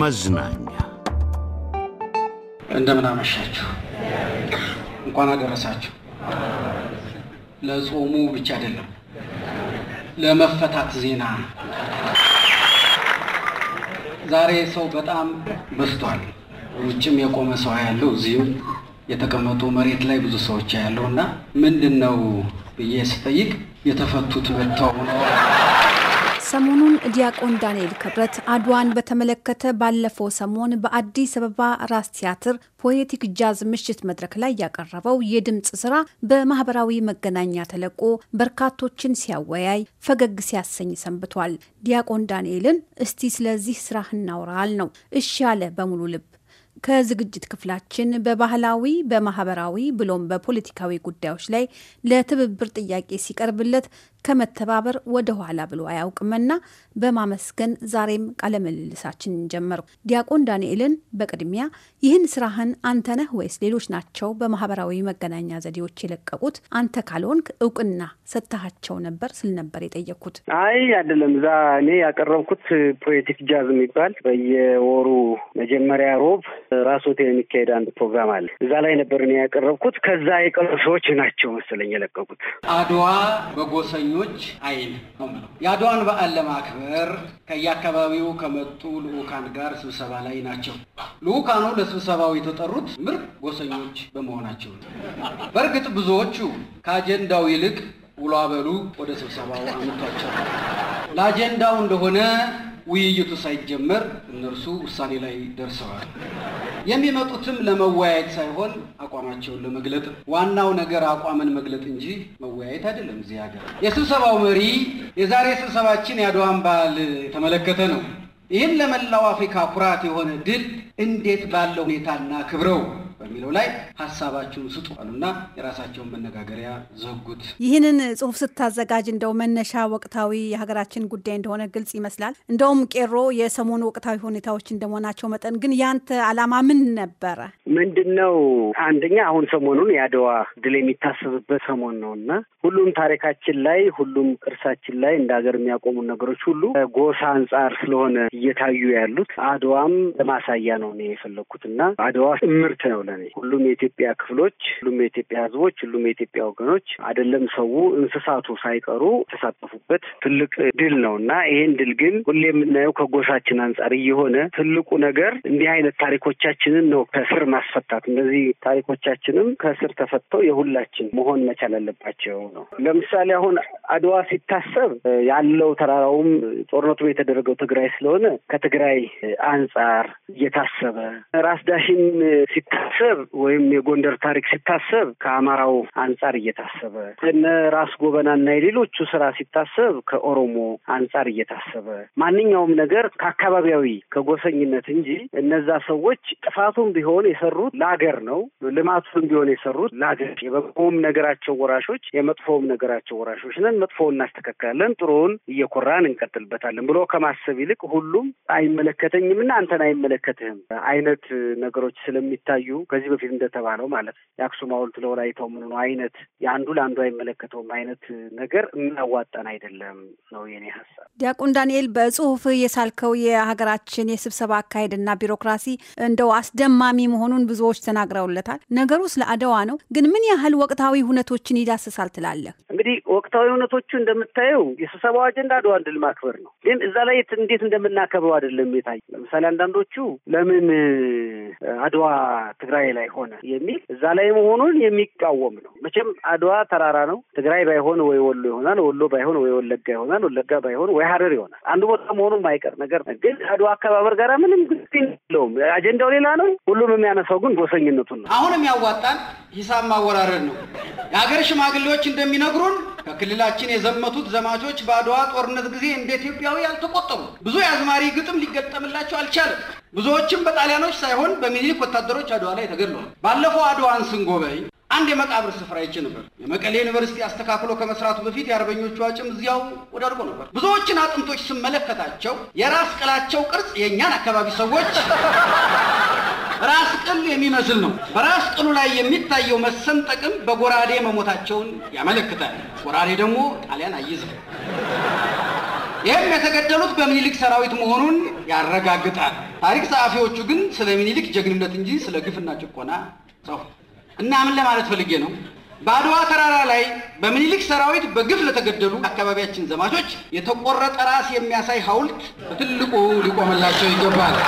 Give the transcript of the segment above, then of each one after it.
መዝናኛ እንደምን አመሻችሁ። እንኳን አደረሳችሁ። ለጾሙ ብቻ አይደለም ለመፈታት ዜና ዛሬ ሰው በጣም በስቷል ውጭም የቆመ ሰው ያለው እዚህም የተቀመጡ መሬት ላይ ብዙ ሰዎች ያለው እና ምንድን ነው ብዬ ስጠይቅ የተፈቱት በተው ነው። ሰሞኑን ዲያቆን ዳንኤል ክብረት አድዋን በተመለከተ ባለፈው ሰሞን በአዲስ አበባ ራስ ቲያትር ፖየቲክ ጃዝ ምሽት መድረክ ላይ ያቀረበው የድምፅ ስራ በማህበራዊ መገናኛ ተለቆ በርካቶችን ሲያወያይ ፈገግ ሲያሰኝ ሰንብቷል። ዲያቆን ዳንኤልን እስቲ ስለዚህ ስራ እናውራል ነው እሺ ያለ በሙሉ ልብ። ከዝግጅት ክፍላችን በባህላዊ በማህበራዊ ብሎም በፖለቲካዊ ጉዳዮች ላይ ለትብብር ጥያቄ ሲቀርብለት ከመተባበር ወደ ኋላ ብሎ አያውቅምና በማመስገን ዛሬም ቃለምልልሳችን ጀመርኩ። ዲያቆን ዳንኤልን በቅድሚያ ይህን ስራህን አንተ ነህ ወይስ ሌሎች ናቸው በማህበራዊ መገናኛ ዘዴዎች የለቀቁት? አንተ ካልሆንክ እውቅና ሰጥተሃቸው ነበር ስል ነበር የጠየቅኩት። አይ አይደለም፣ እዛ እኔ ያቀረብኩት ፖኤቲክ ጃዝ የሚባል በየወሩ መጀመሪያ ሮብ ራስ ሆቴል የሚካሄድ አንድ ፕሮግራም አለ። እዛ ላይ ነበር እኔ ያቀረብኩት። ከዛ የቀሩ ሰዎች ናቸው መሰለኝ የለቀቁት አድዋ በጎሰኝ የስደተኞች አይን ነው ምለው። የአድዋን በዓል ለማክበር ከየአካባቢው ከመጡ ልዑካን ጋር ስብሰባ ላይ ናቸው። ልዑካኑ ለስብሰባው የተጠሩት ምርጥ ጎሰኞች በመሆናቸው ነው። በእርግጥ ብዙዎቹ ከአጀንዳው ይልቅ ውሎ አበሉ ወደ ስብሰባው አምቷቸው ለአጀንዳው እንደሆነ ውይይቱ ሳይጀመር እነርሱ ውሳኔ ላይ ደርሰዋል። የሚመጡትም ለመወያየት ሳይሆን አቋማቸውን ለመግለጥ ዋናው ነገር አቋምን መግለጥ እንጂ መወያየት አይደለም። እዚህ ሀገር የስብሰባው መሪ የዛሬ ስብሰባችን የአድዋን በዓል የተመለከተ ነው። ይህን ለመላው አፍሪካ ኩራት የሆነ ድል እንዴት ባለው ሁኔታ እናክብረው በሚለው ላይ ሀሳባችሁን ስጡ አሉና የራሳቸውን መነጋገሪያ ዘጉት። ይህንን ጽሁፍ ስታዘጋጅ እንደው መነሻ ወቅታዊ የሀገራችን ጉዳይ እንደሆነ ግልጽ ይመስላል። እንደውም ቄሮ የሰሞኑ ወቅታዊ ሁኔታዎች እንደመሆናቸው መጠን ግን ያንተ አላማ ምን ነበረ? ምንድን ነው? አንደኛ አሁን ሰሞኑን የአድዋ ድል የሚታሰብበት ሰሞን ነው እና ሁሉም ታሪካችን ላይ ሁሉም ቅርሳችን ላይ እንደ ሀገር የሚያቆሙ ነገሮች ሁሉ ጎሳ አንጻር ስለሆነ እየታዩ ያሉት አድዋም ለማሳያ ነው የፈለግኩት እና አድዋ እምርት ነው ነኝ። ሁሉም የኢትዮጵያ ክፍሎች፣ ሁሉም የኢትዮጵያ ህዝቦች፣ ሁሉም የኢትዮጵያ ወገኖች አይደለም ሰው እንስሳቱ ሳይቀሩ የተሳተፉበት ትልቅ ድል ነው እና ይሄን ድል ግን ሁሌ የምናየው ከጎሳችን አንጻር እየሆነ ትልቁ ነገር እንዲህ አይነት ታሪኮቻችንን ነው ከስር ማስፈታት። እንደዚህ ታሪኮቻችንም ከስር ተፈተው የሁላችን መሆን መቻል አለባቸው ነው። ለምሳሌ አሁን አድዋ ሲታሰብ ያለው ተራራውም ጦርነቱ የተደረገው ትግራይ ስለሆነ ከትግራይ አንጻር እየታሰበ ራስ ዳሽን ሲታሰብ ሲታሰብ ወይም የጎንደር ታሪክ ሲታሰብ ከአማራው አንጻር እየታሰበ እነ ራስ ጎበናና የሌሎቹ ስራ ሲታሰብ ከኦሮሞ አንጻር እየታሰበ ማንኛውም ነገር ከአካባቢያዊ ከጎሰኝነት እንጂ እነዛ ሰዎች ጥፋቱም ቢሆን የሰሩት ለአገር ነው። ልማቱም ቢሆን የሰሩት ለአገር የበጎም ነገራቸው ወራሾች፣ የመጥፎውም ነገራቸው ወራሾች ነን። መጥፎውን እናስተካክላለን፣ ጥሩውን እየኮራን እንቀጥልበታለን ብሎ ከማሰብ ይልቅ ሁሉም አይመለከተኝም እና አንተን አይመለከትህም አይነት ነገሮች ስለሚታዩ ከዚህ በፊት እንደተባለው ማለት የአክሱም ሐውልት ለወላይታው ምን ነው አይነት የአንዱ ለአንዱ አይመለከተውም አይነት ነገር እናዋጣን አይደለም ነው የኔ ሀሳብ። ዲያቆን ዳንኤል በጽሁፍ የሳልከው የሀገራችን የስብሰባ አካሄድና ቢሮክራሲ እንደው አስደማሚ መሆኑን ብዙዎች ተናግረውለታል። ነገሩ ስለ አደዋ ነው፣ ግን ምን ያህል ወቅታዊ ሁነቶችን ይዳስሳል ትላለህ? እንግዲህ ወቅታዊ ሁነቶቹ እንደምታየው የስብሰባው አጀንዳ አድዋን ድል ማክበር ነው። ግን እዛ ላይ እንዴት እንደምናከብረው አይደለም የታየ። ለምሳሌ አንዳንዶቹ ለምን አድዋ ትግራይ ትግራይ ላይ ሆነ የሚል እዛ ላይ መሆኑን የሚቃወም ነው። መቼም አድዋ ተራራ ነው። ትግራይ ባይሆን ወይ ወሎ ይሆናል፣ ወሎ ባይሆን ወይ ወለጋ ይሆናል፣ ወለጋ ባይሆን ወይ ሀረር ይሆናል። አንዱ ቦታ መሆኑ የማይቀር ነገር ግን አድዋ አከባበር ጋር ምንም ግ የለውም። አጀንዳው ሌላ ነው። ሁሉም የሚያነሳው ግን ጎሰኝነቱን ነው። አሁን የሚያዋጣን ሂሳብ ማወራረድ ነው። የሀገር ሽማግሌዎች እንደሚነግሩን ከክልላችን የዘመቱት ዘማቾች በአድዋ ጦርነት ጊዜ እንደ ኢትዮጵያዊ አልተቆጠሩ ብዙ የአዝማሪ ግጥም ሊገጠምላቸው አልቻለም። ብዙዎችም በጣሊያኖች ሳይሆን በሚኒሊክ ወታደሮች አድዋ ላይ ተገድለዋል። ባለፈው አድዋን ስንጎበኝ አንድ የመቃብር ስፍራ አይቼ ነበር። የመቀሌ ዩኒቨርሲቲ አስተካክሎ ከመስራቱ በፊት የአርበኞቹ አጭም እዚያው ወዳድጎ ነበር። ብዙዎችን አጥንቶች ስመለከታቸው የራስ ቅላቸው ቅርጽ የእኛን አካባቢ ሰዎች ራስ ቅል የሚመስል ነው። በራስ ቅሉ ላይ የሚታየው መሰንጠቅም በጎራዴ መሞታቸውን ያመለክታል። ጎራዴ ደግሞ ጣሊያን አይዝ ይህም የተገደሉት በምኒልክ ሰራዊት መሆኑን ያረጋግጣል። ታሪክ ጸሐፊዎቹ ግን ስለ ሚኒሊክ ጀግንነት እንጂ ስለ ግፍና ጭቆና ጽፉ እና ምን ለማለት ፈልጌ ነው? በአድዋ ተራራ ላይ በሚኒሊክ ሰራዊት በግፍ ለተገደሉ አካባቢያችን ዘማቾች የተቆረጠ ራስ የሚያሳይ ሐውልት በትልቁ ሊቆምላቸው ይገባል።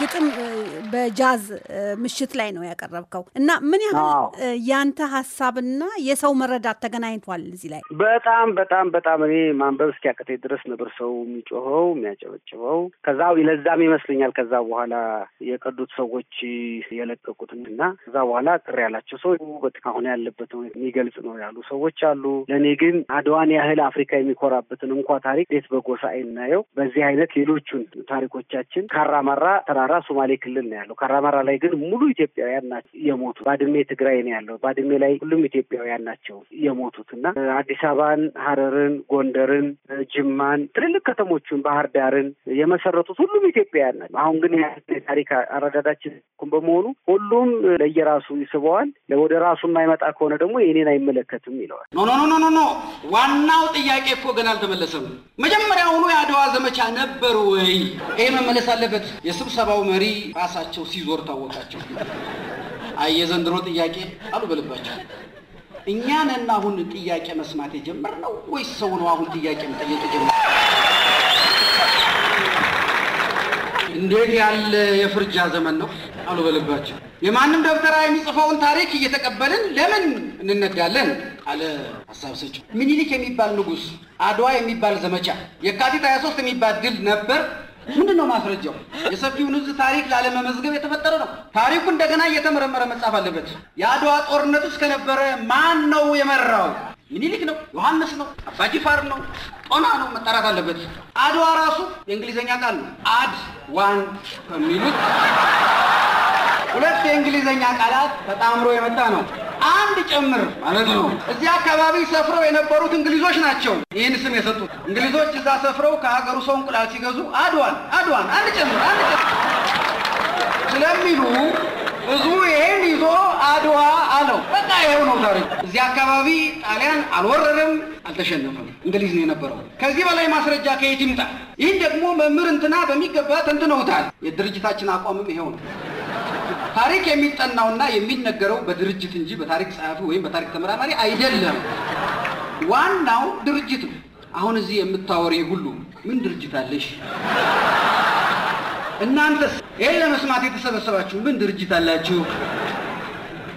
ግጥም በጃዝ ምሽት ላይ ነው ያቀረብከው እና ምን ያህል ያንተ ሀሳብና የሰው መረዳት ተገናኝቷል እዚህ ላይ? በጣም በጣም በጣም እኔ ማንበብ እስኪያቅቴ ድረስ ነበር ሰው የሚጮኸው የሚያጨበጭበው። ከዛ ለዛም ይመስለኛል ከዛ በኋላ የቀዱት ሰዎች የለቀቁት እና ከዛ በኋላ ቅር ያላቸው ሰው አሁን ያለበት የሚገልጽ ነው ያሉ ሰዎች አሉ። ለእኔ ግን አድዋን ያህል አፍሪካ የሚኮራበትን እንኳ ታሪክ ቤት በጎሳ አይናየው። በዚህ አይነት ሌሎቹን ታሪኮቻችን ካራማራ ተራራ ሶማሌ ክልል ነው ነው ያለው። ከራማራ ላይ ግን ሙሉ ኢትዮጵያውያን ናቸው የሞቱ። ባድሜ ትግራይ ነው ያለው። ባድሜ ላይ ሁሉም ኢትዮጵያውያን ናቸው የሞቱት እና አዲስ አበባን፣ ሀረርን፣ ጎንደርን፣ ጅማን፣ ትልልቅ ከተሞቹን ባህር ዳርን የመሰረቱት ሁሉም ኢትዮጵያውያን ናቸው። አሁን ግን ታሪክ አረዳዳችን በመሆኑ ሁሉም ለየራሱ ይስበዋል። ወደ ራሱ የማይመጣ ከሆነ ደግሞ የኔን አይመለከትም ይለዋል። ኖ ኖ ኖ ኖ ዋናው ጥያቄ እኮ ገና አልተመለሰም። መጀመሪያውኑ የአድዋ ዘመቻ ነበር ወይ? ይሄ መመለስ አለበት። የስብሰባው መሪ ራሳ ራሳቸው ሲዞር ታወቃቸው። አየ ዘንድሮ ጥያቄ አሉ በልባቸው። እኛ ነን አሁን ጥያቄ መስማት የጀመርነው ወይስ ሰው ነው አሁን ጥያቄ መጠየቅ የጀመረው? እንዴት ያለ የፍርጃ ዘመን ነው አሉ በልባቸው። የማንም ደብተራ የሚጽፈውን ታሪክ እየተቀበልን ለምን እንነዳለን? አለ ሀሳብ ሰጪ። ምኒልክ የሚባል ንጉስ አድዋ የሚባል ዘመቻ፣ የካቲት 23 የሚባል ድል ነበር። ምንድን ነው ማስረጃው? የሰፊውን ህዝብ ታሪክ ላለመመዝገብ የተፈጠረ ነው። ታሪኩ እንደገና እየተመረመረ መጻፍ አለበት። የአድዋ ጦርነት ውስጥ ከነበረ ማን ነው የመራው? ምኒልክ ነው? ዮሐንስ ነው? አባጅፋር ነው? ጦና ነው? መጠራት አለበት። አድዋ ራሱ የእንግሊዝኛ ቃል ነው። አድ ዋን ከሚሉት ሁለት የእንግሊዝኛ ቃላት ተጣምሮ የመጣ ነው። አንድ ጨምር ማለት ነው። እዚህ አካባቢ ሰፍረው የነበሩት እንግሊዞች ናቸው ይህን ስም የሰጡት። እንግሊዞች እዛ ሰፍረው ከሀገሩ ሰው እንቁላል ሲገዙ አድዋን አድዋን አንድ ጨምር አንድ ጨምር ስለሚሉ ህዝቡ ይሄን ይዞ አድዋ አለው። በቃ ይኸው ነው ዛሬ። እዚህ አካባቢ ጣሊያን አልወረረም፣ አልተሸነፈም። እንግሊዝ ነው የነበረው። ከዚህ በላይ ማስረጃ ከየት ይምጣ? ይህን ደግሞ መምህር እንትና በሚገባ ተንትነውታል። የድርጅታችን አቋምም ይሄው ነው። ታሪክ የሚጠናውና የሚነገረው በድርጅት እንጂ በታሪክ ጸሐፊ ወይም በታሪክ ተመራማሪ አይደለም። ዋናው ድርጅት ነው። አሁን እዚህ የምታወሪ ሁሉ ምን ድርጅት አለሽ? እናንተስ ይህን ለመስማት የተሰበሰባችሁ ምን ድርጅት አላችሁ?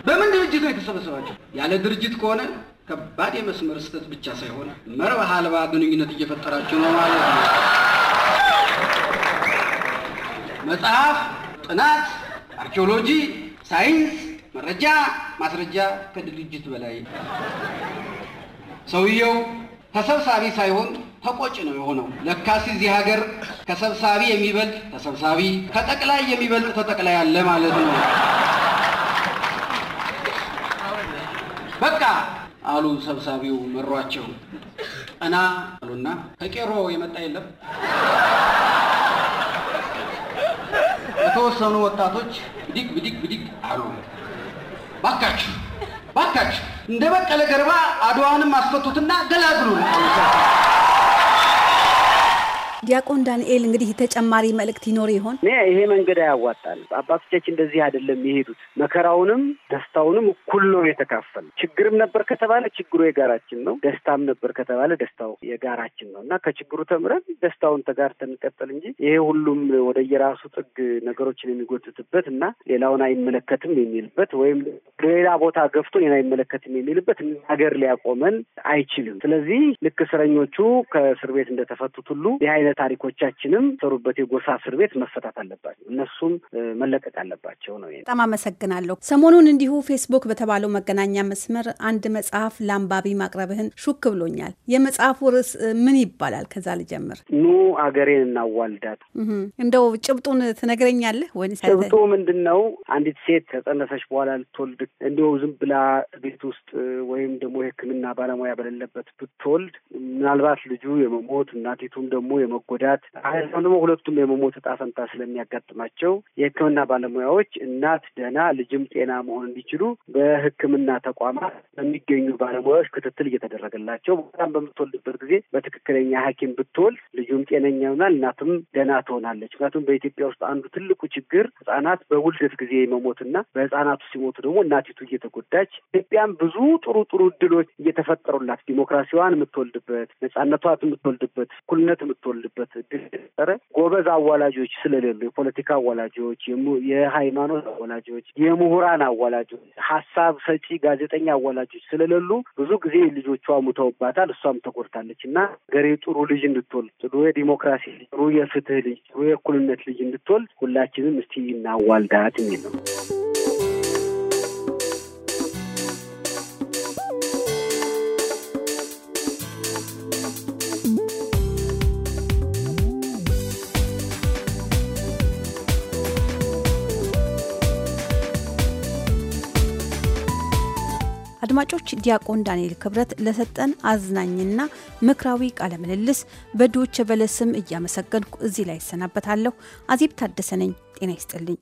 በምን ድርጅት ነው የተሰበሰባችሁ? ያለ ድርጅት ከሆነ ከባድ የመስመር ስህተት ብቻ ሳይሆን መርህ አልባ ግንኙነት እየፈጠራችሁ ነው ማለት ነው። መጽሐፍ ጥናት አርኪኦሎጂ፣ ሳይንስ፣ መረጃ፣ ማስረጃ ከድርጅት በላይ። ሰውየው ተሰብሳቢ ሳይሆን ተቆጭ ነው የሆነው። ለካስ እዚህ ሀገር ከሰብሳቢ የሚበልጥ ተሰብሳቢ፣ ከጠቅላይ የሚበልጥ ተጠቅላይ አለ ማለት ነው። በቃ አሉ ሰብሳቢው መሯቸው። እና አሉና ከቄሮ የመጣ የለም የተወሰኑ ወጣቶች ብድግ ብድግ ብድግ አሉ። ባካችሁ ባካችሁ እንደ በቀለ ገርባ አድዋንም አስፈቱትና ገላግሉን አሉ። ዲያቆን ዳንኤል እንግዲህ ተጨማሪ መልእክት ይኖር ይሆን? እኔ ይሄ መንገድ አያዋጣል አባቶቻችን እንደዚህ አይደለም የሄዱት። መከራውንም ደስታውንም እኩል ነው የተካፈል። ችግርም ነበር ከተባለ ችግሩ የጋራችን ነው፣ ደስታም ነበር ከተባለ ደስታው የጋራችን ነው እና ከችግሩ ተምረን ደስታውን ተጋርተን እንቀጠል እንጂ ይሄ ሁሉም ወደ የራሱ ጥግ ነገሮችን የሚጎትትበት እና ሌላውን አይመለከትም የሚልበት ወይም ሌላ ቦታ ገፍቶ ሌላ አይመለከትም የሚልበት ሀገር ሊያቆመን አይችልም። ስለዚህ ልክ እስረኞቹ ከእስር ቤት እንደተፈቱት ሁሉ ይህ አይነት ታሪኮቻችንም ሰሩበት የጎሳ እስር ቤት መፈታት አለባቸው፣ እነሱም መለቀቅ አለባቸው ነው። በጣም አመሰግናለሁ። ሰሞኑን እንዲሁ ፌስቡክ በተባለው መገናኛ መስመር አንድ መጽሐፍ ለአንባቢ ማቅረብህን ሹክ ብሎኛል። የመጽሐፉ ርዕስ ምን ይባላል? ከዛ ልጀምር። ኑ አገሬን እናዋልዳት። እንደው ጭብጡን ትነግረኛለህ ወይ? ጭብጡ ምንድን ነው? አንዲት ሴት ከጸነሰች በኋላ ልትወልድ እንዲሁ ዝም ብላ ቤት ውስጥ ወይም ደግሞ የሕክምና ባለሙያ በሌለበት ብትወልድ ምናልባት ልጁ የመሞት እናቲቱም ደግሞ የመ መጎዳት አሁን ደግሞ ሁለቱም የመሞት እጣ ፈንታ ስለሚያጋጥማቸው የሕክምና ባለሙያዎች እናት ደህና ልጅም ጤና መሆን እንዲችሉ በሕክምና ተቋማት በሚገኙ ባለሙያዎች ክትትል እየተደረገላቸው በጣም በምትወልድበት ጊዜ በትክክለኛ ሐኪም ብትወልድ ልጁም ጤነኛ ይሆናል፣ እናትም ደህና ትሆናለች። ምክንያቱም በኢትዮጵያ ውስጥ አንዱ ትልቁ ችግር ህጻናት በውልደት ጊዜ መሞትና በህጻናቱ ሲሞቱ ደግሞ እናቲቱ እየተጎዳች ኢትዮጵያም ብዙ ጥሩ ጥሩ እድሎች እየተፈጠሩላት ዲሞክራሲዋን የምትወልድበት ነጻነቷት የምትወልድበት እኩልነት የምትወልድ የሚያደርግበት እድል ጠረ ጎበዝ አዋላጆች ስለሌሉ የፖለቲካ አዋላጆች፣ የሃይማኖት አዋላጆች፣ የምሁራን አዋላጆች፣ ሀሳብ ሰጪ ጋዜጠኛ አዋላጆች ስለሌሉ ብዙ ጊዜ ልጆቿ ሙተውባታል። እሷም ተጎድታለች እና ገሬ ጥሩ ልጅ እንድትወል ጥሩ የዲሞክራሲ ልጅ ጥሩ የፍትህ ልጅ ጥሩ የእኩልነት ልጅ እንድትወል ሁላችንም እስቲ እናዋልዳት የሚል ነው። አድማጮች ዲያቆን ዳንኤል ክብረት ለሰጠን አዝናኝና ምክራዊ ቃለ ምልልስ በዶይቼ ስም እያመሰገንኩ እዚህ ላይ ይሰናበታለሁ። አዜብ ታደሰ ነኝ። ጤና ይስጥልኝ።